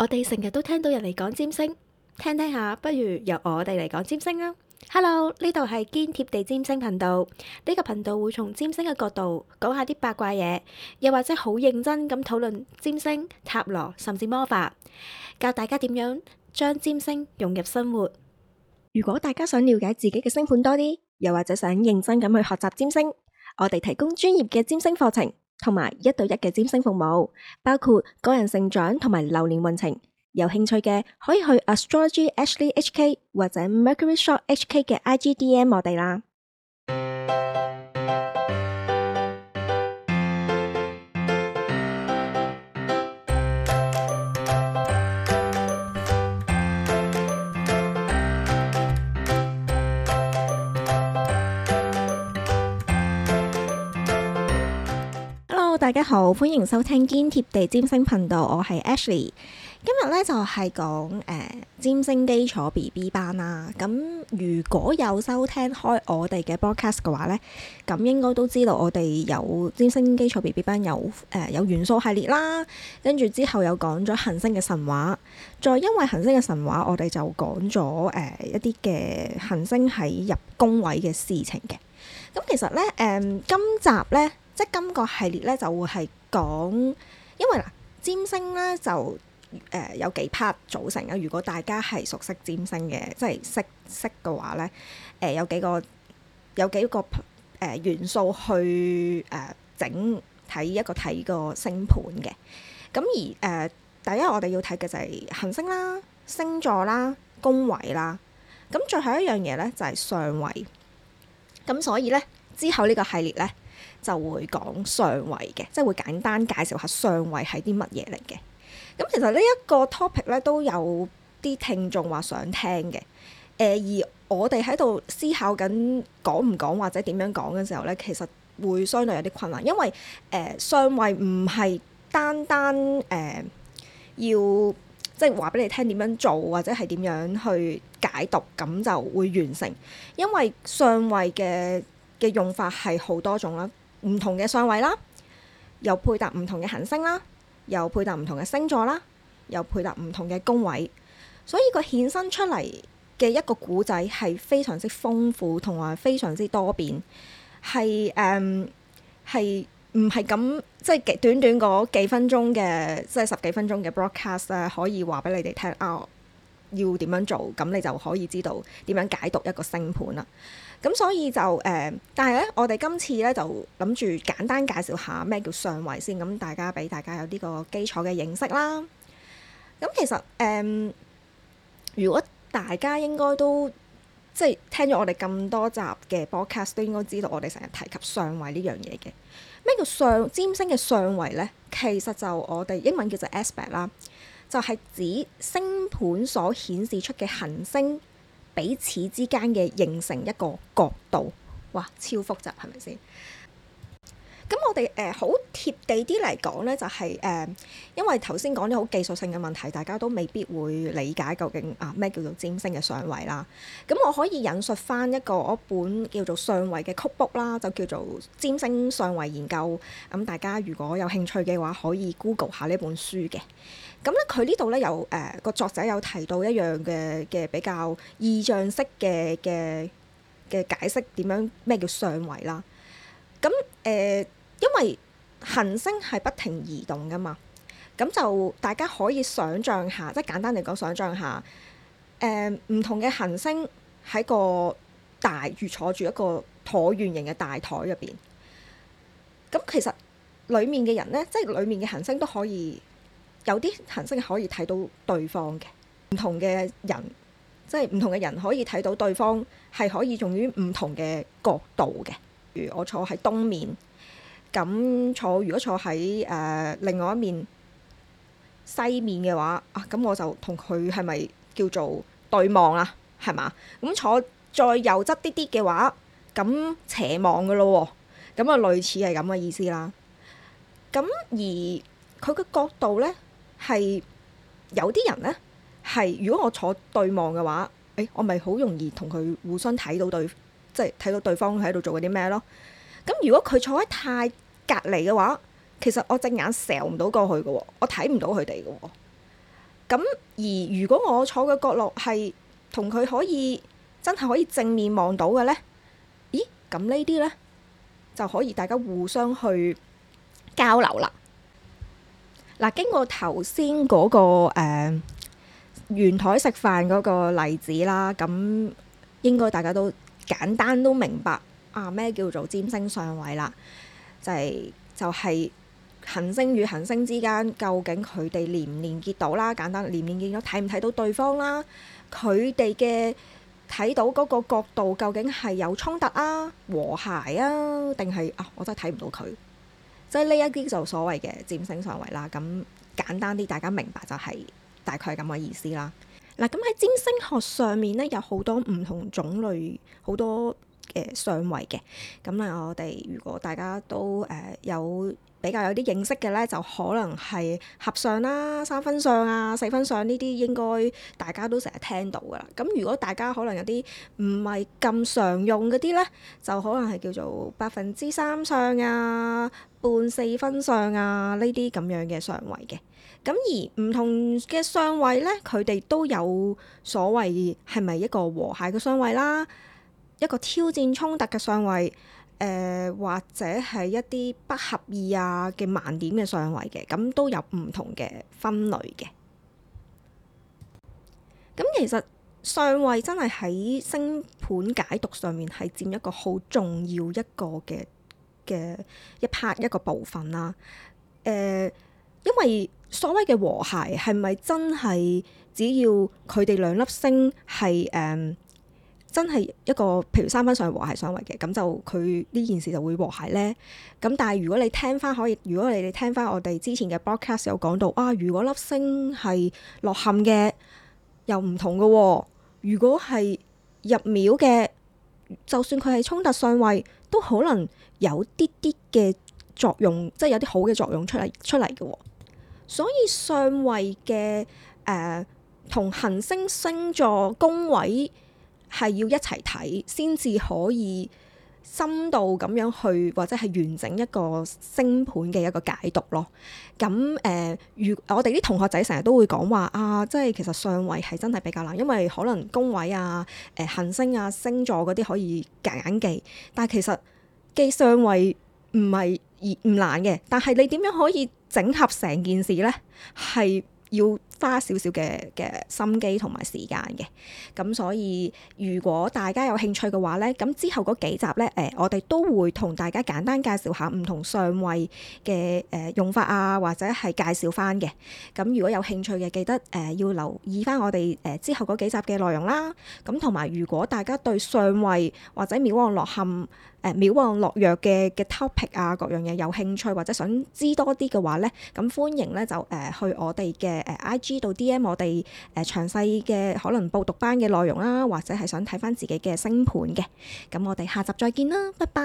我哋成日都聽到人嚟講占星，聽聽下，不如由我哋嚟講占星啦。Hello，呢度係堅貼地占星頻道，呢個頻道會從占星嘅角度講下啲八卦嘢，又或者好認真咁討論占星、塔羅甚至魔法，教大家點樣將占星融入生活。如果大家想了解自己嘅星盤多啲，又或者想認真咁去學習占星，我哋提供專業嘅占星課程。同埋一對一嘅占星服務，包括個人成長同埋流年運程。有興趣嘅可以去 Astrology Ashley HK 或者 Mercury Shop HK 嘅 IGDM 我哋啦。大家好，歡迎收聽堅貼地占星頻道，我係 Ashley。今日咧就係講誒占星基礎 BB 班啦。咁如果有收聽開我哋嘅 broadcast 嘅話咧，咁應該都知道我哋有占星基礎 BB 班有誒、呃、有元素系列啦。跟住之後又講咗行星嘅神話，再因為行星嘅神話，我哋就講咗誒一啲嘅行星喺入宮位嘅事情嘅。咁其實咧，誒、呃、今集咧。即係今、這個系列咧，就會係講，因為嗱，占星咧就誒有幾 part 組成嘅。如果大家係熟悉占星嘅，即係識識嘅話咧，誒有幾個有、呃、幾個誒元素去誒整睇一個睇個星盤嘅。咁而誒第一，我哋要睇嘅就係行星啦、星座啦、宮位啦。咁最後一樣嘢咧就係、是、相位。咁所以咧，之後呢個系列咧。就會講相位嘅，即係會簡單介紹下相位係啲乜嘢嚟嘅。咁其實呢一個 topic 咧都有啲聽眾話想聽嘅。誒而我哋喺度思考緊講唔講或者點樣講嘅時候咧，其實會相對有啲困難，因為誒、呃、相位唔係單單誒、呃、要即係話俾你聽點樣做或者係點樣去解讀，咁就會完成。因為相位嘅嘅用法係好多種啦。唔同嘅相位啦，又配搭唔同嘅行星啦，又配搭唔同嘅星座啦，又配搭唔同嘅宮位，所以佢衍生出嚟嘅一個古仔係非常之豐富，同埋非常之多變，係誒係唔係咁即係短短嗰幾分鐘嘅即係十幾分鐘嘅 broadcast 咧，可以話俾你哋聽啊，要點樣做，咁你就可以知道點樣解讀一個星盤啦。咁、嗯、所以就誒、嗯，但係咧，我哋今次咧就諗住簡單介紹下咩叫相位先，咁大家俾大家有呢個基礎嘅認識啦。咁、嗯、其實誒、嗯，如果大家應該都即係聽咗我哋咁多集嘅 podcast 都應該知道我哋成日提及相位呢樣嘢嘅。咩叫相？占星嘅相位呢？其實就我哋英文叫做 aspect 啦，就係指星盤所顯示出嘅行星彼此之間嘅形成一個角度，哇，超複雜，係咪先？咁我哋誒好貼地啲嚟講呢，就係、是、誒、呃，因為頭先講啲好技術性嘅問題，大家都未必會理解究竟啊咩叫做占星嘅相位啦。咁我可以引述翻一個一本叫做《相位》嘅曲 book 啦，就叫做《占星相位研究》。咁大家如果有興趣嘅話，可以 Google 下呢本書嘅。咁咧，佢呢度呢，有誒個、呃、作者有提到一樣嘅嘅比較意象式嘅嘅嘅解釋點樣咩叫相位啦。咁誒。呃因為行星係不停移動㗎嘛，咁就大家可以想像下，即係簡單嚟講，想像下，誒、嗯、唔同嘅行星喺個大，如坐住一個橢圓形嘅大台入邊。咁其實裡面嘅人呢，即係裡面嘅行星都可以有啲行星可以睇到對方嘅唔同嘅人，即係唔同嘅人可以睇到對方係可以用於唔同嘅角度嘅。如我坐喺東面。咁坐如果坐喺誒、呃、另外一面西面嘅話，啊咁我就同佢係咪叫做對望啊？係嘛？咁坐再右側啲啲嘅話，咁斜望嘅咯喎，咁啊類似係咁嘅意思啦。咁而佢嘅角度呢，係有啲人呢，係如果我坐對望嘅話，誒我咪好容易同佢互相睇到對，即係睇到對方喺度做緊啲咩咯？咁如果佢坐喺太隔離嘅話，其實我隻眼射唔到過去嘅喎，我睇唔到佢哋嘅喎。咁而如果我坐嘅角落係同佢可以真係可以正面望到嘅呢？咦？咁呢啲呢，就可以大家互相去交流啦。嗱、啊，經過頭先嗰個誒圓、呃、台食飯嗰個例子啦，咁應該大家都簡單都明白。啊！咩叫做占星相位啦？就係、是、就係、是、行星與行星之間，究竟佢哋連唔連結到啦？簡單連唔連結到，睇唔睇到對方啦？佢哋嘅睇到嗰個角度，究竟係有衝突啊、和諧啊，定係啊？我真係睇唔到佢。即係呢一啲就，是、就所謂嘅占星相位啦。咁簡單啲，大家明白就係大概係咁嘅意思啦。嗱、啊，咁喺占星學上面咧，有好多唔同種類，好多。誒相位嘅，咁咧我哋如果大家都誒、呃、有比較有啲認識嘅咧，就可能係合相啦、啊、三分相啊、四分相呢啲，應該大家都成日聽到噶啦。咁如果大家可能有啲唔係咁常用嗰啲咧，就可能係叫做百分之三相啊、半四分相啊這這呢啲咁樣嘅相位嘅。咁而唔同嘅相位咧，佢哋都有所謂係咪一個和諧嘅相位啦。一個挑戰衝突嘅相位，誒、呃、或者係一啲不合意啊嘅盲點嘅相位嘅，咁都有唔同嘅分類嘅。咁、嗯、其實相位真係喺星盤解讀上面係佔一個好重要一個嘅嘅一 part 一個部分啦。誒、呃，因為所謂嘅和諧係咪真係只要佢哋兩粒星係誒？嗯真係一個，譬如三分上和諧上位嘅，咁就佢呢件事就會和諧呢。咁但係如果你聽翻可以，如果你哋聽翻我哋之前嘅 broadcast 有講到啊，如果粒星係落陷嘅，又唔同嘅、哦。如果係入廟嘅，就算佢係衝突上位，都可能有啲啲嘅作用，即係有啲好嘅作用出嚟出嚟嘅。所以上位嘅誒同行星星座宮位。係要一齊睇，先至可以深度咁樣去，或者係完整一個星盤嘅一個解讀咯。咁誒、呃，如我哋啲同學仔成日都會講話啊，即係其實相位係真係比較難，因為可能宮位啊、誒、呃、行星啊、星座嗰啲可以夾硬記，但係其實記相位唔係而唔難嘅，但係你點樣可以整合成件事呢？係要。花少少嘅嘅心機同埋時間嘅，咁所以如果大家有興趣嘅話呢，咁之後嗰幾集呢，誒我哋都會同大家簡單介紹下唔同相位嘅誒用法啊，或者係介紹翻嘅。咁如果有興趣嘅，記得誒要留意翻我哋誒之後嗰幾集嘅內容啦。咁同埋如果大家對相位或者廟旺落陷誒渺望落弱嘅嘅 topic 啊，各樣嘢有興趣或者想知多啲嘅話呢，咁歡迎呢就誒、呃、去我哋嘅誒、呃、IG 度 DM 我哋誒、呃、詳細嘅可能報讀班嘅內容啦，或者係想睇翻自己嘅星盤嘅，咁我哋下集再見啦，拜拜。